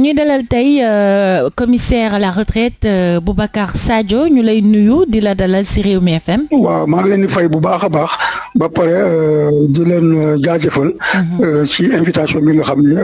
ñuy dalal tey euh, commissaire à la retraite euh, Boubacar Sadio ñu lay nuyu di la dalal ci Rewmi FM. waaw maa ngi leen di fay bu baax a baax ba pare euh, di leen jaajëfal. Mhm. ci invitation bi nga xam ne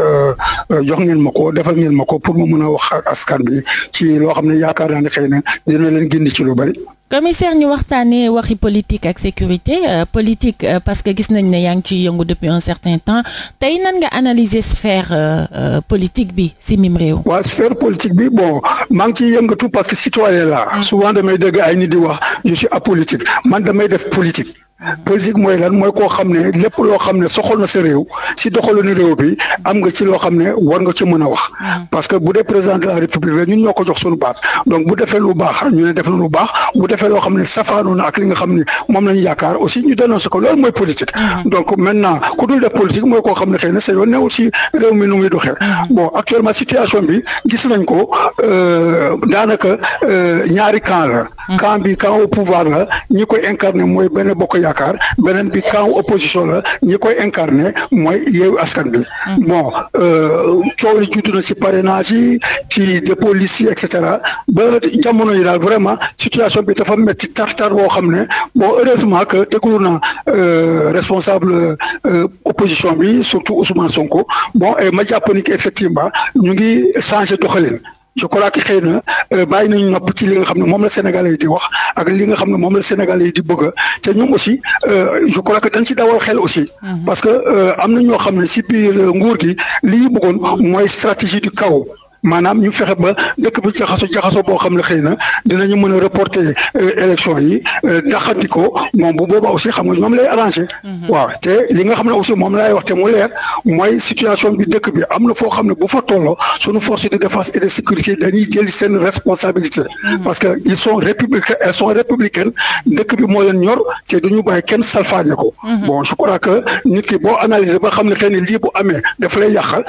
jox ngeen ma ko defal ngeen ma ko pour mu mën a wax askan bi ci loo xam ne yaakaar naa ne xëy na dina leen gindi ci lu bari. commissaire ñu waxtaanee waxi politique ak sécurité euh, politique euh, parce que gis nañ ne yaa ngi ciy yëngu depuis un certain temps tey nan nga analyser sphère euh, politique bi si mim réew. waaw sphère politique bi bon maa ngi ciy yëngatu parce que citoyen la mm. souvent damay dégg ay nit di wax je a apolitique man damay def politique. Mmh. politique mooy lan mooy koo xam ne lépp loo xam ne soxal na sa réew si doxalinu réew bi am nga ci loo xam ne war nga ci mën a wax. Mmh. parce que bu dee président de la république la ñun ñoo ko jox suñu baat donc bu defee lu baax ñu ne def na lu baax bu defee loo xam ne safaanoo na ak li nga xam ne moom la ñu yaakaar aussi ñu dénoncé ko loolu mooy politique. Mmh. donc maintenant ku dul def politique mooy koo xam ne xëy na sa yoon newul si mi nu muy doxee. bon actuellement gis nañ ko euh, daanaka euh, ñaari camp la. camp bi camp au pouvoir ñi koy incarné mooy benn bokk yaakaar yaakaar beneen bi camp opposition la ñi koy incarné mooy yeewu askan bi mm. bon euh, coow li juutu na ci parrainage si ci dépôt liste et cetera ba jamono yi daal vraiment situation bi dafa metti tartar boo xam ne bon heureusement que déglu na euh, responsable euh, opposition bi surtout Ousmane Sonko bon et ma jàpp ni effectivement ñu ngi changé doxalin je crois que xëy na euh, bàyyi nañu nopp ci li nga xam ne moom la Sénégalais yi di wax a li nga xam ne moom la Sénégalais yi di bëgg te ñoom aussi euh, je crois que dañ dawal xel aussi. Ah parce que euh, am na ñoo xam ne si biir nguur gi li ñu bëggoon mooy stratégie di chaos. maanaam ñu fexe ba dëkk bi jaxaso jaxaso boo xam ne xëy na dinañu mën a reporter euh, élection yi euh, daxati ko moom bu booba aussi xam nga ñoom lay arrangé. Mm-hmm. waaw te li nga xam ne aussi moom laay wax te mu leer mooy situation bi dëkk bi am na foo xam ne bu fa tolloo suñu force de défense et de sécurité dañuy jël seen responsabilité. Mm-hmm. parce que il sont républicains elles sont républicaines dëkk bi moo leen ñor te duñu bàyyi kenn salfaañe ko. Mm-hmm. bon je crois que nit ki boo analyser ba xam ne xëy na lii bu amee daf lay yàqal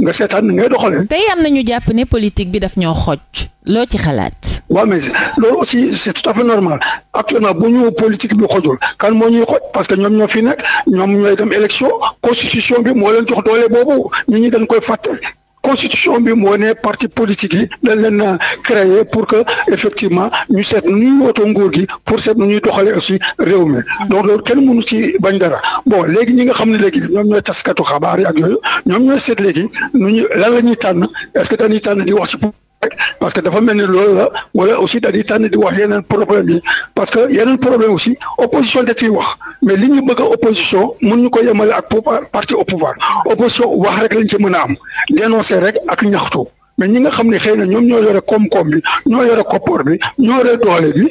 nga seetaan ngay doxalee. ñu jàpp ne politique bi daf ñoo xoj loo ci xalaat. waaw mais loolu aussi c'est tout à fait normal actuellement bu ñu politique bi xojul kan moo ñuy xoj parce que ñoom ñoo fi nekk ñoom ñooy dem élection constitution bi moo leen jox doole boobu ñi ñi dañ koy fàtte constitution bi moo ne parti politique yi dañ leen créer pour que effectivement ñu seet nu ñuy wootoo nguur gi pour seet nu ñuy doxalee aussi réew mi donc loolu kenn mënu ci bañ dara bon léegi ñi nga xam ne léegi ñoom ñooy taskatu xabaar yi ak yooyu ñoom ñooy seet léegi nu ñu lan la ñuy tànn est-ce que dañuy tànn di wax ci parce que dafa mel ni loolu la wala aussi di tànn di wax yeneen problème yi parce que yeneen problème aussi opposition da ciy wax mais li ñu bëgg a opposition mun ñu ko yemale ak pouvoir parti au pouvoir opposition wax rek lañ ci mën a am dénoncer rek ak ñaxtu mais ñi nga xam ne xëy na ñoom ñoo yore koom-koom bi ñoo yore koppoor bi ñoo yore doole bi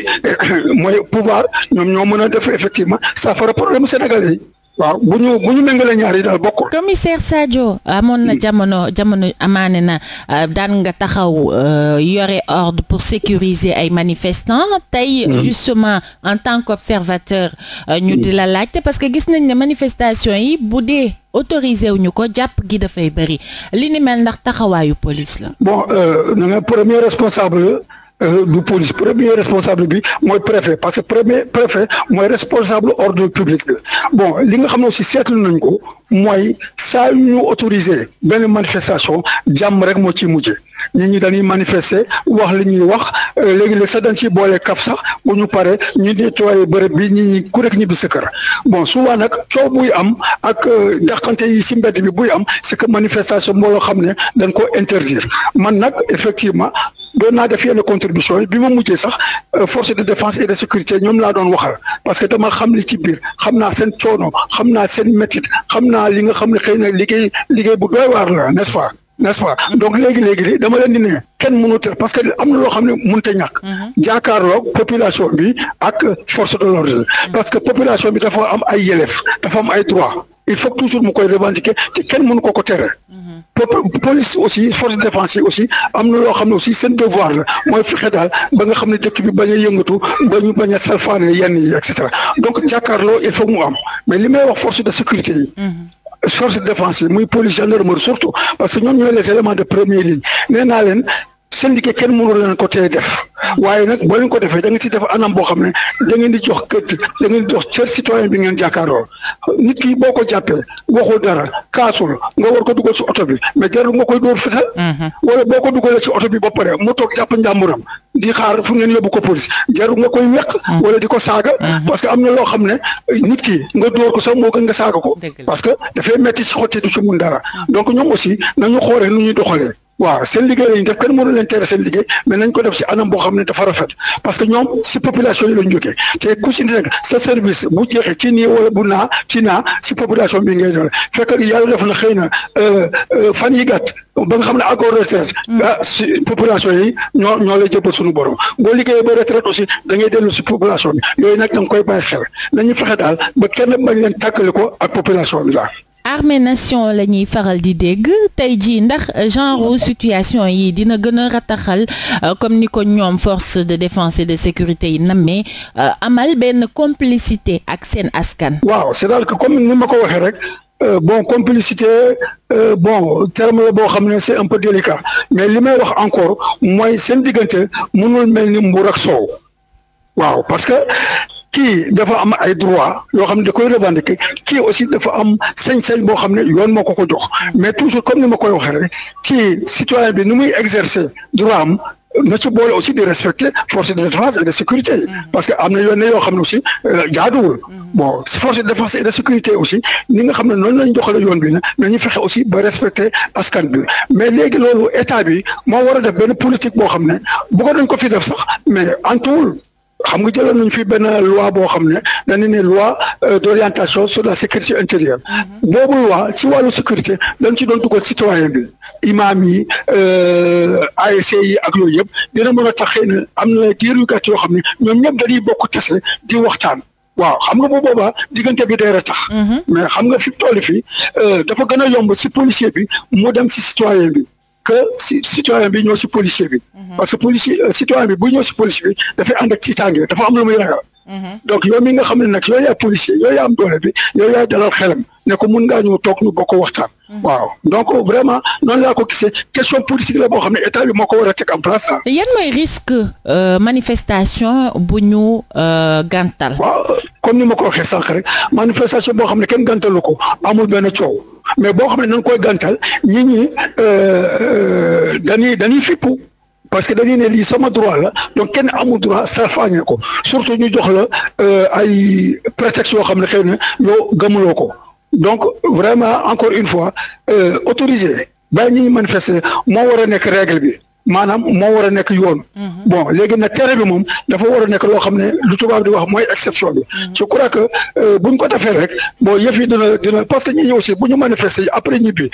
mooy pouvoir ñoom ñoo mën a def effectivement saafara problème sénégalais yi waaw bu ñu bu ñu méngalee ñaar yi daal bokkul. commissaire Sadio amoon na jamono jamono amaane na euh, daan nga taxaw euh, yore ordre pour sécuriser ay manifestants tey. Mm-hmm. justement en tant qu'observateur. Euh, ñu di la laajte parce que gis nañ ne manifestation yi bu dee autorisé wu ko jàpp gi dafay bëri li ni mel ndax taxawaayu police la. du euh, police premier responsable bi mooy préfet parce que premier préfet mooy responsable ordre public bi bon li nga xam ne aussi seetlu nañ ko mooy saa yu ñu autorisé benn manifestation jàmm rek moo ci mujje ñi ñi dañuy manifester wax li ñuy wax euh, léegi-léeg sa dañ ciy boole kaf sax bu ñu pare ñu nettoyé bërëb bi ñi ñi ku rek ñibbi sa kër bon souvent nag coow buy am ak euh, dàqante yi si mbedd bi buy am c'est que manifestation mbooloo xam ne dañ ko interdire man nag effectivement doon naa def yenn contribution yi bi ma mujjee sax euh, force de défense et de sécurité ñoom laa doon waxal parce que dama xam li ci biir xam naa seen coono xam naa seen métit xam naa li nga xam ne xëy na liggéey liggéey bu doy waar la nest pas nest pas mm-hmm. donc léegi léegi dama leen di ne kenn mënut parce que am na loo xam ne mënut a ñàkk. Mm-hmm. jàkkaarloog population bi ak force de l'ordre mm-hmm. parce que population bi dafa am ay yelef dafa am ay droit il faut toujours mu koy revendiquer te kenn mënu ko ko police aussi force de défense yi aussi am na loo xam ne aussi seen devoir la mooy fexe daal ba nga xam ne dëkk bi bañ a yëngatu ba ñu yenn yi et cetera donc jàkkaarloo il faut mu am mais li may wax force de sécurité yi. Mm-hmm. force de défense yi muy police gendarmerie surtout parce que ñoom ñooy les éléments de ligne nee leen seen di kenn mënu leen ko tey def waaye nag boo ko defee da ngeen ci def anam boo xam ne da di jox këdd da ngeen di jox cër citoyen bi ngeen jàkkaarloo nit ki boo ko jàppee waxul dara kaasul nga war ko dugal ci oto bi mais jarul nga koy dóor fital mhm. wala boo ko dugalee ci oto bi ba pare mu toog jàpp njàmburam di xaar fu ngeen yóbbu ko police jarul nga koy weq mhm. wala di ko saaga mhm. parce que am na loo xam ne nit ki nga door ko sax moo gën nga saaga ko parce que dafay metti ci xotti du ci mun dara donc ñoom aussi nañu xooree nu ñuy doxalee waaw seen liggéey lañu def kenn mënu leen tere seen liggéey mais nañ ko def si anam boo xam ne dafa rafet parce que ñoom si population yi lañ jógee te ku si nekk sa service bu jeexee ci nii wala bu naa ci si population bi ngay doole fekk yàlla def na xëy na euh, euh, fan yi gàtt ba nga xam ne àggoo retraite si mm. ah, population yi ñoo ñoo lay jëbbal suñu borom boo liggéeyee ba retraite aussi da ngay dellu si population bi yooyu nag da nga koy bàyyi xel nañu fexe daal ba kenn bañ leen tàkkali ko ak population bi daal armée nation la ñuy faral di dégg tey jii ndax genre situation yi dina gën a rataxal euh, comme ni ko ñoom force de défense et de sécurité yi nammee euh, amal benn complicité ak seen askan. waaw cest à que comme ni ma ko waxee rek. Euh, bon complicité euh, bon terme la boo xam ne c'est un peu délicat mais li may wax encore mooy seen diggante mënul mel ni mbuur ak soow waaw parce que kii dafa am ay droit yoo xam ne da koy revendiquer kii aussi dafa am sañ-sañ boo xam ne yoon moo ko ko jox mais toujours comme ni ma koy waxee rek ci citoyen bi ni muy exercer droit am na ci boole aussi di respecte force de défense et de sécurité yi mm-hmm. parce que am na yoon ne yoo xam ne aussi euh, jaaduwul mm-hmm. bon force de défense et de sécurité aussi ni nga xam ne noonu lañu joxale yoon bi na nañu fexe aussi ba respecter askan bi mais léegi loolu état bi moo war a def benn politique boo xam ne bëggoon nañ ko fi def mais antuwul xam nga jëloon nañu fi benn loi boo xam ne dañu ne loi euh, d'orientation sur la sécurité intérieure mm-hmm. boobu loi si wàllu sécurité dañ ci doon dugal citoyen bi imam yi euh, ASC yi ak yooyu yëpp dina mën a tax xëy am na diir yu yoo xam ne ñoom ñëpp dañuy bokk tase di waxtaan waaw xam nga bu boobaa diggante bi day tax. Mm-hmm. mais xam nga fi tool fi euh, dafa gën a yomb si policier bi mu dem si citoyen bi que si citoyen bi ñoo si policier bi Mhm. parce que policier euh, citoyen bi bu ñëw si police bi dafay ànd ak tiitaange dafa am lu muy ragal. Mhm. donc yow mi nga xam ne nag yow yaay policier yow yaa am doole bi yow yaay dalal xelam ne ko mun ngaa ñëw toog ñu bokk waxtaan. Mhm. waaw donc vraiment noonu laa ko gisee question politique la boo xam ne état bi moo ko war a teg en place ah. yan mooy risque euh, manifestation bu ñu euh, gàntal. waaw comme ni ma ko waxee sànq rek manifestation boo xam ne kenn gàntalu ko amul benn coow mais boo xam ne nañ koy gàntal ñi ñi dañuy dañuy fippu. parce que dañuy ne lii sama droit la donc kenn amul droit salfaañe ko surtout ñu jox la euh, ay prétexte yoo xam ne xëy na yow gëmuloo ko donc vraiment encore une fois euh, autorisé bàyyi ñuy manifester moo war a nekk règle bi maanaam moo war a nekk yoon. Mhm. bon léegi na tere bi moom dafa war a nekk loo xam ne lu tubaab di wax mooy exception bi. Mhm. je crois que euh, buñ ko defee rek bon yëf yi dina dina parce que ñi aussi bu ñu manifester après ñibbi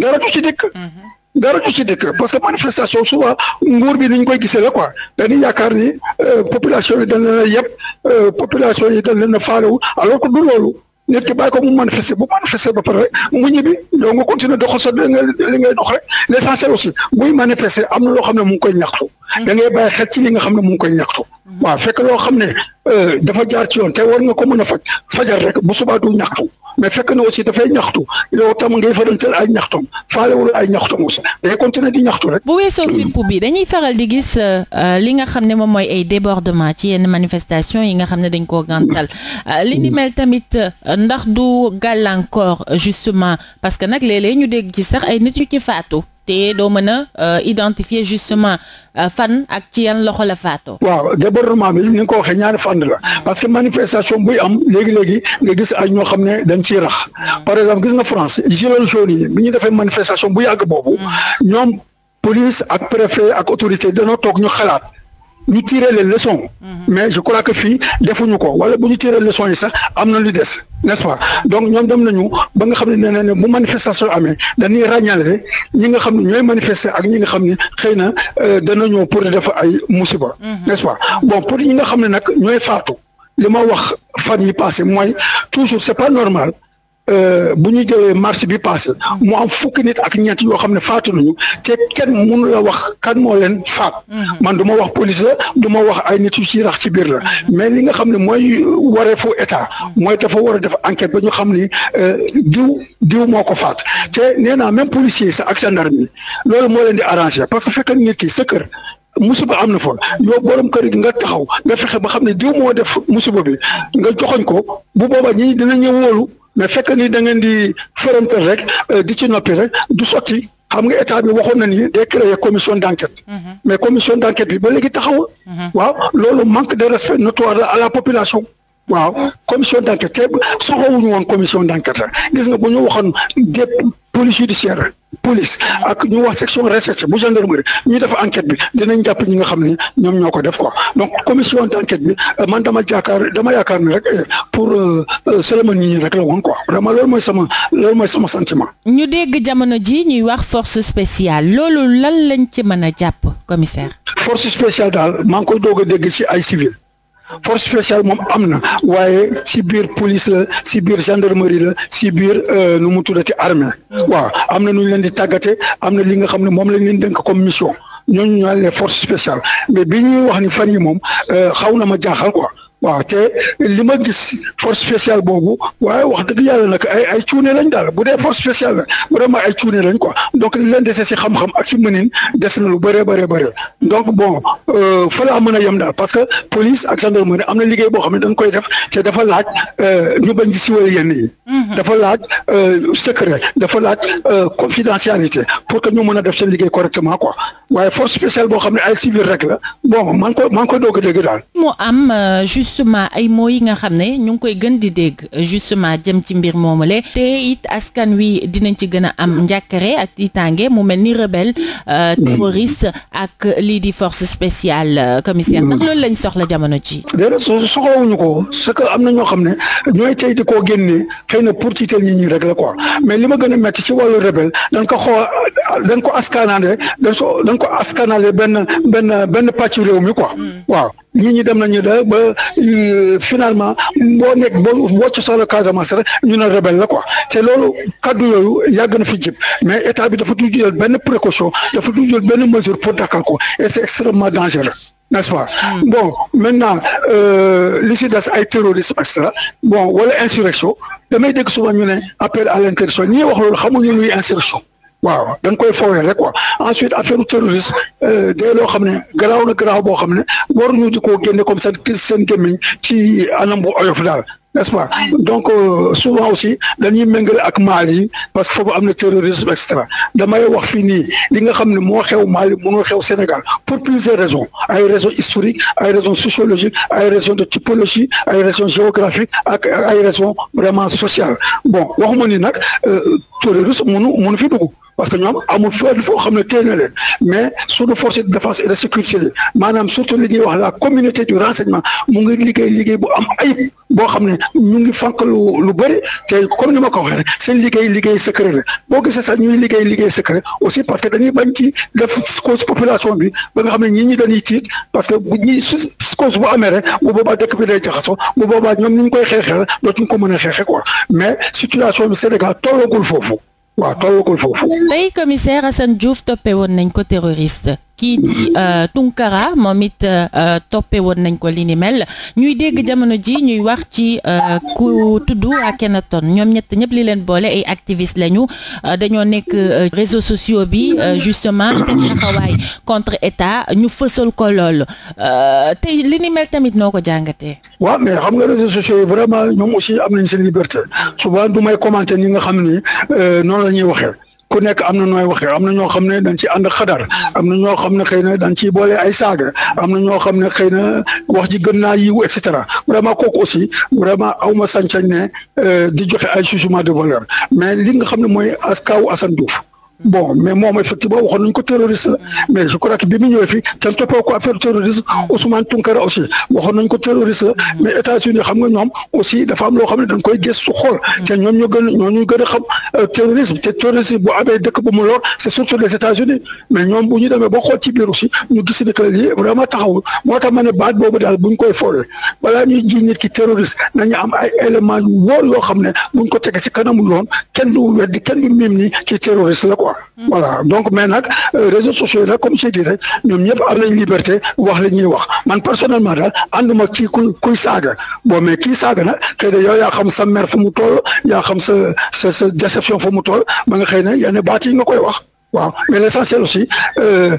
dara du ci dikk. Mhm. dara ju ci dëkk parce que manifestation souvent nguur bi ni ñu koy gisee la quoi dañuy yaakaar ni euh, population yi dañ leen yëpp euh, population yi dañ leen a faalewu alors que du loolu nit ki bàyyi ko mu manifester bu manifester ba pare rek mu ñibbi yow nga continuer doxal sa li ngay li dox rek l' essentiel aussi buy manifester am na loo xam ne mu ngi koy ñaxtu. Mm-hmm. da ngay bàyyi xel ci li nga xam ne mu ngi koy ñaxtu. Mm-hmm. waaw fekk loo xam ne euh, dafa jaar ci yoon te war nga ko mën a faj fajar rek bu subaa du ñaxtu. mais fekk na aussi dafay ñaxtu yow tam ngay farantal ay ñaxtoom faalewul ay ñaxtoom aussi day continuer di ñaxtu rek. bu dañuy faral di gis euh, euh, li nga xam ne moom mooy ay débordement ci yenn manifestation yi nga xam ne dañ koo gàntal euh, li ni mel tamit ndax du gàllankoor justement parce que nag léeg-léeg ñu dégg ci sax ay nit yu ci faatu. te doo mën a euh, identifier justement euh, fan ak ci yan loxo la faatoo. waaw débordement bi ni nga ko waxee ñaari fànn la parce que manifestation buy am léegi léegi nga gis ay ñoo xam ne dañ ciy rax par exemple gis nga France gilets jaunes yi bi ñu defee manifestation bu yàgg boobu mm. ñoom police ak préfet ak autorité danoo toog ñu xalaat. ñu tirer les leçons. Mhm. mais je crois que fii defuñu ko wala bu ñu tirer leçons yi sax am na lu des n'est-ce pas donc ñoom dem nañu ba nga xam ne nee ne bu manifestation amee dañuy ràññaale ñi nga xam ne ñooy manifester ak ñi nga xam ne xëy na euh, danañoo pour def ay musiba. Mhm. n'est-ce pas bon pour ñi nga xam ne nag ñooy faatu li ma wax fan yi passé mooy toujours c'est pas normal. Euh, bu ñu jëlee mars bi passé mu am fukki nit ak ñett yoo xam ne faatu nañu te kenn mënu la wax kan moo leen faat mhm. man du ma wax police la du wax ay nit si ci rax ci biir la mhm. mais li nga xam ne mooy wareefu état mhm. mooy dafa war a def enquête ba ñu xam ni euh, diw diw moo ko faat te nee naa même policier sa ak gendarme yi loolu moo leen di arrangé parce que fekk nit ki sa kër musiba am na fool yoo borom kër gi nga taxaw nga fexe ba xam ne diw moo def musiba bi nga mais fekk ni da ngeen di fërëmtal rek euh, di noppi rek du sotti xam nga état bi waxoon na ni day créer commission d' enquête. Mhm. mais commission d' bi ba léegi taxawul. Mhm. waaw loolu manque de respect notoire à la population. waaw commission d' enquête te soxlawuñu woon commission d' enquête gis nga bu ñu waxoon dépp police judiciaire police ak ñu wax section recherche bu gendarmerie ñu def enquête bi dinañ jàpp ñi nga xam ne ñoom ñoo ko def quoi donc commission d' bi euh, man dama jaakaar dama yaakaar ne rek euh, pour Souleymane euh, ñi rek la woon ko vraiment loolu mooy sama loolu mooy sama sentiment. ñu dégg jamono ji ñuy wax force spéciale loolu lan lañ ci mën a jàpp commissaire. force spéciale daal maa ngi koy doog a dégg ci ay civil. force féciale moom am na waaye ci biir police la ci biir gendarmerie la ci biir euh, nu mu tuddati armée waaw am na nu ñu leen di tàggate am na li nga xam ne moom lañ leen dénk comme mission ñooñu ñu naan les forces spéciales mais bi ñuy wax ni fan yi moom euh, xaw na ma jaaxal ko waaw te li ma gis force spéciale boobu waaye wax dëgg yàlla nag ay ay cuune lañ daal bu dee force spéciale la vraiment ay cuune lañ quoi donc li leen dese si xam-xam ak si mënin des na lu bëree bëree bëri donc bon euh, fa laa yem daal parce que police ak gendarmerie am na liggéey boo xam ne dañ koy def te dafa laaj euh, ñu bañ di siwal yenn yi. Mhm. dafa laaj euh, secret dafa laaj confidentialité pour que ñu mën a def seen liggéey correctement quoi waaye force spéciale boo xam ne ay civil la bon man ko man ko doog a daal. justement ay mots yi nga xam ne ñu ngi koy gën di dégg justement jëm ci mbir moomule te it askan wi dinañ ci gën a am njàkkare ak tiitaange mu mel ni rebelle euh, mm. terroriste ak lii di force spéciale euh, commissaire mm. ndax loolu lañ soxla ci ji déedéet soxlawuñu ko c'est que am na ñoo xam ne ñooy tey di koo génne xëy na pour tiital ñi ñi rek la quoi mais li ma gën a métti ci wàllu rebelle dañ ko xoo dañ ko ko dañ ko benn benn benn réew mi quoi mm. waaw nit ñi dem nañu da ba euh, finalement boo nekk boo boo cosaanoo Casamance rek ñu ne rebelle la quoi te loolu kaddu yooyu yàgg na fi jib mais état bi dafa du jël benn précaution dafa du jël benn mesure pour dakkal ko et c'est extrêmement dangereux. n'est-ce pas mm. bon maintenant euh, li si des ay terrorisme et cetera bon wala insurrection damay dégg souvent ñu ne appel à l'insurrection ñi wax loolu xamuñu luy insurrection waaw da koy foowee rek quoi ensuite affaire terroriste euh, day loo xam ne garaaw na garaaw boo xam ne waruñu di ko génne comme seen seen gémmiñ ci anam bu oyof daal n'est-ce pas donc euh, souvent aussi dañuy méngale ak Mali parce que foofu am na terrorisme et cetera damay wax fii nii li nga xam ne moo xew Mali mënoo xew Sénégal pour plusieurs raisons ay raisons historiques ay raisons sociologique ay raisons de typologie ay raisons géographiques ak ay raisons vraiment sociale bon waxuma ni nag euh, terroriste munu munu fi dugg parce que ñoom amul fenn foo xam ne téye na leen mais suñu force de surtout li wax la communauté du renseignement mu ngi liggéey liggéey bu am ayib boo xam ne ñu ngi fànq lu bari bëri te comme ni ma ko waxee rek seen liggéey liggéey secret la boo gisee sax ñuy liggéey liggéey secret aussi parce que dañuy bañ ci def cause population bi ba nga xam ne ñii ñi dañuy tiit parce que bu ñuy cause bu amee rek bu boobaa dëkk bi day jaxasoo bu boobaa ñoom ni ko a xeexee quoi mais situation bi Sénégal foofu. waaw tollagul foofu. tey commissaire Assane Diouf toppee woon nañ ko terroriste. kii di euh, Tunkara moom it euh, euh, toppe woon nañ ko li mel ñuy dégg jamono ji ñuy wax ci ku tudd waa Akhenaton ñoom ñett ñëpp li leen boole ay activistes lañu dañoo nekk réseaux sociaux bi justement seen taxawaay contre état ñu fësal ko lool te li ni mel tamit noo ko jàngatee. waaw mais xam nga réseaux sociaux yi vraiment ñoom aussi am nañ seen liberté ah. souvent du may commenter ñi nga xam ni noonu la ñuy waxee. ku nekk am na nooy waxee am na ñoo xam ne dañ ci ànd xadar am na ñoo xam ne xëy na dañ ciy boole ay saaga am na ñoo xam ne xëy na wax ji gën naa yiw cetera vraiment kooku aussi vraiment aw ma sañ-sañ ne euh, di joxe ay jugement de valeur mais li nga xam ne mooy askaw Assane Diouf bon mais moom effectivement waxoon nañu ko terroriste mais je crois que bi mu ñëwee fii kenn toppee ko affaire terroriste Ousmane Tounkara aussi waxoon nañu ko terroriste mais États-Unis xam nga ñoom aussi dafa am loo xam ne dañ koy gës xool te ñoom ñoo gën ñoo a xam euh, terrorisme te terrorisme bu amee dëkk bu mu lor c'est surtout les États-Unis mais ñoom bu ñu demee ba xool ci biir aussi ñu gis ni que lii vraiment taxawul moo tax ma baat boobu daal bu ñu koy foole am ay éléments yu wóor xam ne bu ñu ko tege si kanamu yoon kenn kenn quoi voilà donc mais nag euh, réseaux sociaux yi nag comme je dis rek ñoom ñëpp am nañ liberté wax la ñuy wax man personnellement daal ànduma ci kuy kuy saaga bon mais kii saaga nag xëy na yow yaa xam sa mer fu mu tol yaa xam sa sa sa déception fu mu tol ba nga xëy na yenn baat yi nga koy wax waaw mais l'essentiel aussi euh,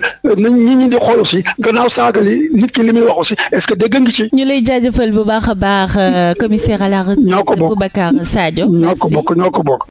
nañ ñi ñi di xool aussi gannaaw saaga li nit ki li muy wax aussi est-ce que dégg nga ci. ñu lay jaajëfal bu baax a baax euh, commissaire à la retraite. ñoo ko bokk Boubacar ñoo ko bokk ñoo ko bokk.